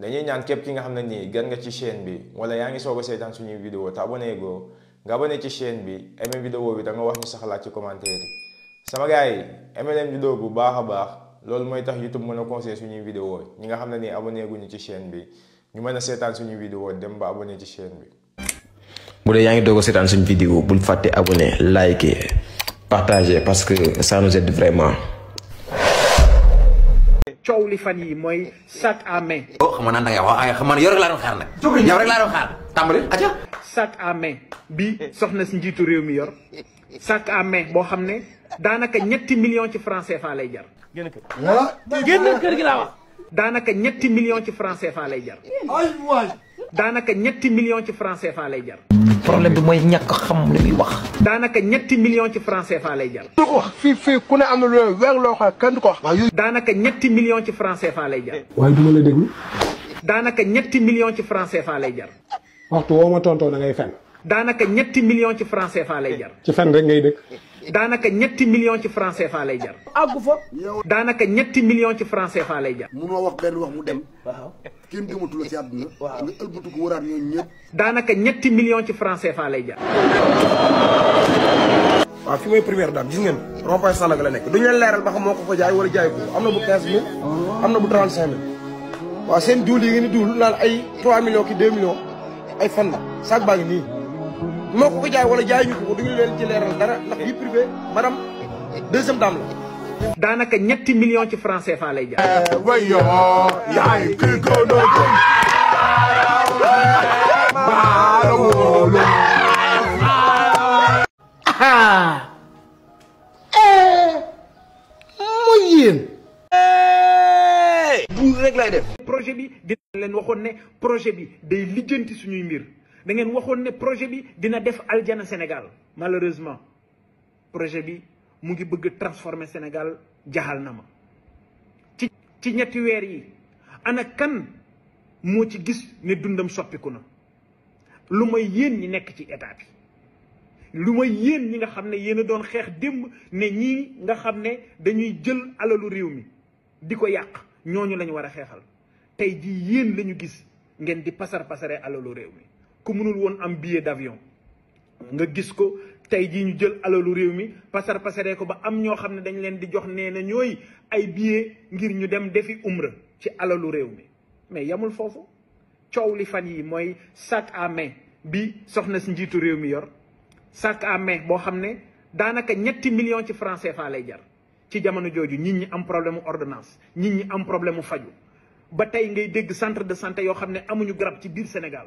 dañuy ñaan képp ki nga xam ne nii gan nga ci chaîne bi wala yaa ngi soog a seetaan suñuy vidéo te abonné nga abonné ci chaîne bi aimé vidéo bi da nga wax ci commentaire sama gars yi aimé bu baax a baax loolu mooy tax YouTube mën a conseillé suñuy vidéo ñi nga xam ne nii abonné guñu ci chaîne bi ñu mën a seetaan suñuy vidéo dem ba abonné ci chaîne bi mu dee yaa ngi doog a seetaan suñu vidéo bul fàtte abonné liker partager parce que ça nous aide vraiment coow li fan yi mooy sac à main. oh xam nga naan a ngay wax ay xam nga yow rek laa doon xaar nag. jógul yow rek laa à main bi soxna njiitu réew mi yor sac à main boo xam ne daanaka ñetti million ci franc CFA lay jar. génn kër ah, génn kër gi daanaka ñetti millions ci franc fa lay jar. ay ñetti millions ci franc CFA lay jar. problème bi mooy ñàkk xam li muy wax. daanaka ñetti millions ci franc CFA lay jar. du ko wax fii fii ku ne am na loo ko wax. daanaka ñetti millions ci franc CFA lay jar. waaye du ma la déglu. daanaka ñetti million ci franc CFA lay jar. waxtu woo ma tontoo da ngay fen. daanaka ñetti million ci franc CFA lay jar. ci fen rek ngay dëkk. daanaka ñetti million ci franc lay jar. àggu fa. daanaka ñetti million ci franc lay jar. munoo wax benn wax mu dem. waaw kenn gëmatu la ñetti million ci franc CFA lay jar. waaw fi mooy première dame gis ngeen rond-point la nekk duñu leen leeral ba xam moo ko jaay wala jaay ko am na bu 15000. am na bu 35000. waaw seen duul yi ngeen di duul naan ay 3 millions ki 2 millions ay fan la saag baa nii. bu ma ko jaay wala jaay ñu ko duñu leen ci leral dara ndax vie privé madame deuxième dame la. danaka ñetti million ci franc CFA lay jaay. Eh, way yo yaay kii ko doon eh, eh, bu rek lay def projet bi dina leen waxone projet bi day lijjanti suñuy mbir da ngeen waxoon ne projet bi dina def aljana Sénégal malheureusement projet bi mu ngi transformer Sénégal jaxal na ci ci ñetti weer yi ana kan mo ci gis ne dundam soppikuna luma yeen ñi nekk ci état bi luma yeen ñi nga xamne ne doon xex dem ne ñi nga xamne dañuy jël alalu rewmi diko yaq ñoñu lañu wara xexal tay war yeen lañu gis ngeen di passer passeré alalu rewmi ku mënul woon am billet d'avion nga gis ko tey jii ñu jël alalu réew mi pasar pasaree ko ba am ñoo xam ne dañ leen di jox nee na ñooy ay billet ngir ñu dem defi umra ci alalu réew mi mais yamul foofu coow li fan yi mooy sac à mais bi soxna si njiitu réew mi yor sac à mais boo xam ne daanaka ñetti million ci franc CFA lay jar ci jamono jooju nit ñi am problème mu ordonnance nit ñi am problème mu faju ba tey ngay dégg centre de santé yoo xam ne amuñu garab ci biir Sénégal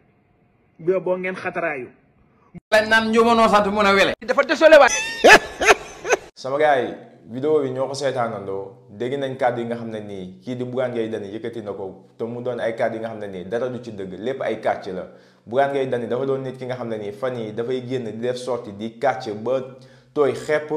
bi boo ngeen xataraayu. lañ naan njumanoo sant mun a wele. dafa désolé waay. sama gars yi vidéo yi ñoo ko seetaanandoo dégg nañ kàddu yi nga xam ne nii kii di Bougane ngay Dany yëkkati na ko te mu doon ay kàddu yi nga xam ne nii dara du ci dëgg lépp ay kàcc la Bougane Gueye Dany dafa doon nit ki nga xam ne nii fan yi dafay génn di def sorti di kàcc ba tooy xepp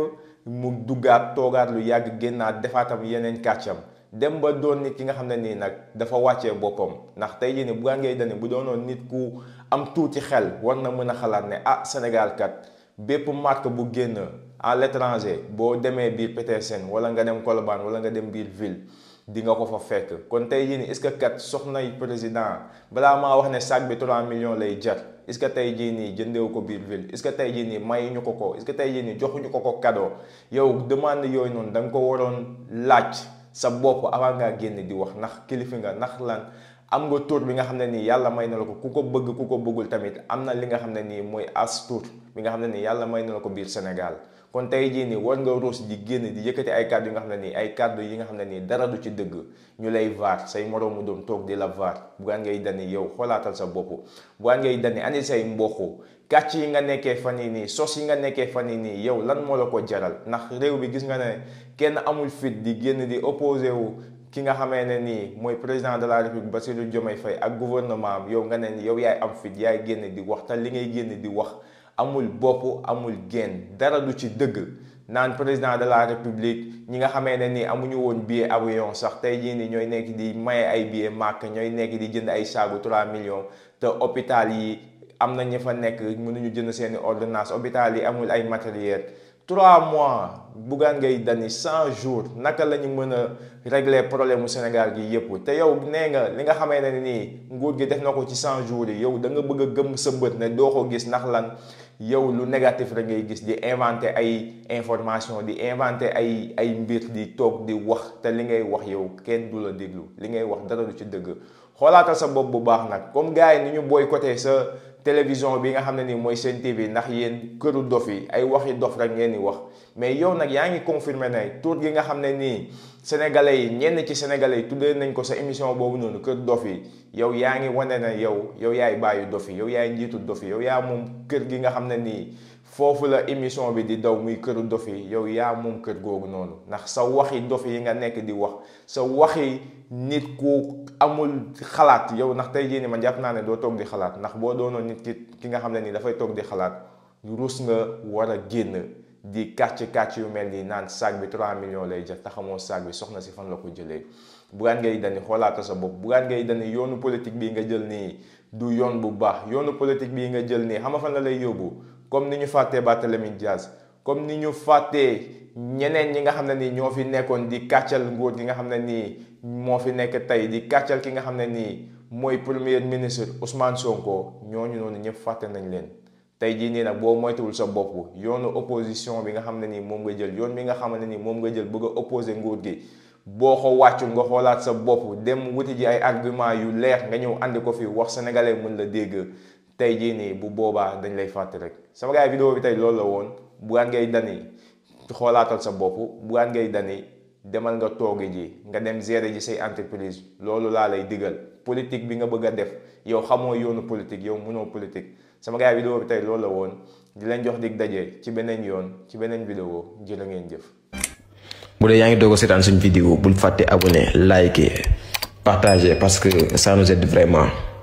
mu duggaat toogaat lu yàgg génnaat defaatam yeneen kàccam. dem ba doon nit ki nga xam ne nii nag dafa wàccee boppam ndax tey jii nii Bougane Gueye Dany bu doonoon nit ku am tuuti xel war na mën a xalaat ne ah Sénégal kat bépp marque bu génn à l'étranger boo demee biir Petersen wala nga dem Colobane wala nga dem biir ville di nga ko fa fekk kon tey jii nii est-ce que kat soxnay président balaa maa wax ne sac bi 3 millions lay jar est-ce tey jii nii jëndewu ko biir ville est-ce que tey jii nii mayuñu ko ko est-ce que tey jii nii joxuñu ko ko cadeau yow demande yooyu noonu da nga ko waroon laaj. sa bopp avant ngaa génn di wax ndax kilifa nga ndax lan am nga tur bi nga xam ne nii yàlla may na la ko ku ko bëgg ku ko bëggul tamit am na li nga xam ne nii mooy as tur bi nga xam ne nii yàlla may na ko biir Sénégal kon tay jii nii war nga ruus di génn di yëkkati ay kàddu yi nga xam ne nii ay kàddu yi nga xam ne nii dara du ci dëgg ñu lay vaar say moroomu doom toog di la vaar bugaan ngay dani yow xolaatal sa bopp bugaan ngay dani andi say mboqu kàcc yi nga nekkee fan yii nii sos yi nga nekkee fan yii nii yow lan moo la ko jaral ndax réew bi gis nga ne kenn amul fit di génn di opposé wu ki nga xamee ne nii mooy président de la république Bassirou Diomaye fay ak gouvernement am yow nga ne ni yow yaay am fit yaay génn di wax te li ngay génn di wax amul bopp amul génn dara du ci dëgg naan président de la république ñi nga xamee ne nii amuñu woon billet avion sax tey jii nii ñooy nekk di maye ay billet màkk ñooy nekk di jënd ay saagu 3 millions te hôpital yi am na ñu fa nekk mënuñu jënd seeni ordonnance hôpital yi amul ay matériel trois mois Bougane ngay Dany cent jours naka lañu ñu mën a régler problème mu Sénégal gi yëpp te yow nee nga li nga xamee ne nii nguur gi def na ko ci cent jour yi yow da nga bëgg a gëm sa ne doo ko gis ndax lan yow lu négatif rek ngay gis di inventé ay information di inventé ay ay mbir di toog di wax te li ngay wax yow kenn du la déglu li ngay wax dara du ci dëgg xoolaatal sa bopp bu baax nag comme gars yi ni ñu booy boycotté sa télévision bi nga xam ne ni mooy seen TV ndax yéen këru dof yi ay waxi dof rek ngeen di wax mais yow nag yaa ngi confirmé ne tur gi nga xam ne nii sénégalais yi ñenn ci sénégalais yi tuddee nañ ko sa émission boobu noonu kër dof yi yow yaa ngi wane na yow yow yaay bàyyi dofi yow yaay njiitu dofi yow yaa moom kër gi nga xam ne nii foofu la émission bi di daw muy këru dof yi yow yaa moom kër googu noonu ndax sa waxi dof yi nga nekk di wax sa waxi nit ku amul xalaat yow ndax tey jii ni man jàpp naa ne doo toog di xalaat ndax boo doonoon nit ki ki nga xam ne nii dafay toog di xalaat ruus nga war a génn. di kàcc kàcc yu meli nan sag bi 3 millions lay jar taxamo saag bi soxna ci fan la ko bu gan ngay dani xoolaata sa bu gan ngay dani yoonu politique bi nga jël ni du yoon bu baax yoonu politique bi nga jël ni xama fan la lay yobbu comme ni faté fàttee Barthélémy Dias comme ni faté ñeneen ñi nga xam ni di katchal ngoot gi nga xam ni mo fi nekk tay di katchal ki nga xam ni moy premier ministre Ousmane Sonko ñoñu non ñepp faté nañ leen. tey jii nii nag boo moytuwul sa bopp yoonu opposition bi nga xam ne nii moom nga jël yoon bi nga xam ne nii moom nga jël bëgg a opposé nguur gi boo ko wàccul nga xoolaat sa bopp dem wuti ji ay argument yu leex nga ñëw andi ko fii wax sénégalais mën la dégg tey jii nii bu boobaa dañ lay fàtte rek sama gars yi vidéo bi tey loolu la woon Bougane Gueye Dany xoolaatal sa bopp Bougane Gueye Dany demal nga toogi ji nga dem gérer ji say entreprise loolu laa lay diggal politique bi nga bëgg a def yow xamoo yoonu politique yow mënoo politique sama gars vidéo bi tey loolu la woon di leen jox dig dajee ci beneen yoon ci beneen vidéo a ngeen jëf. bu dee yaa ngi doog a seetaan suñu vidéo bul fàtte abonné liker partager parce que ça nous aide vraiment.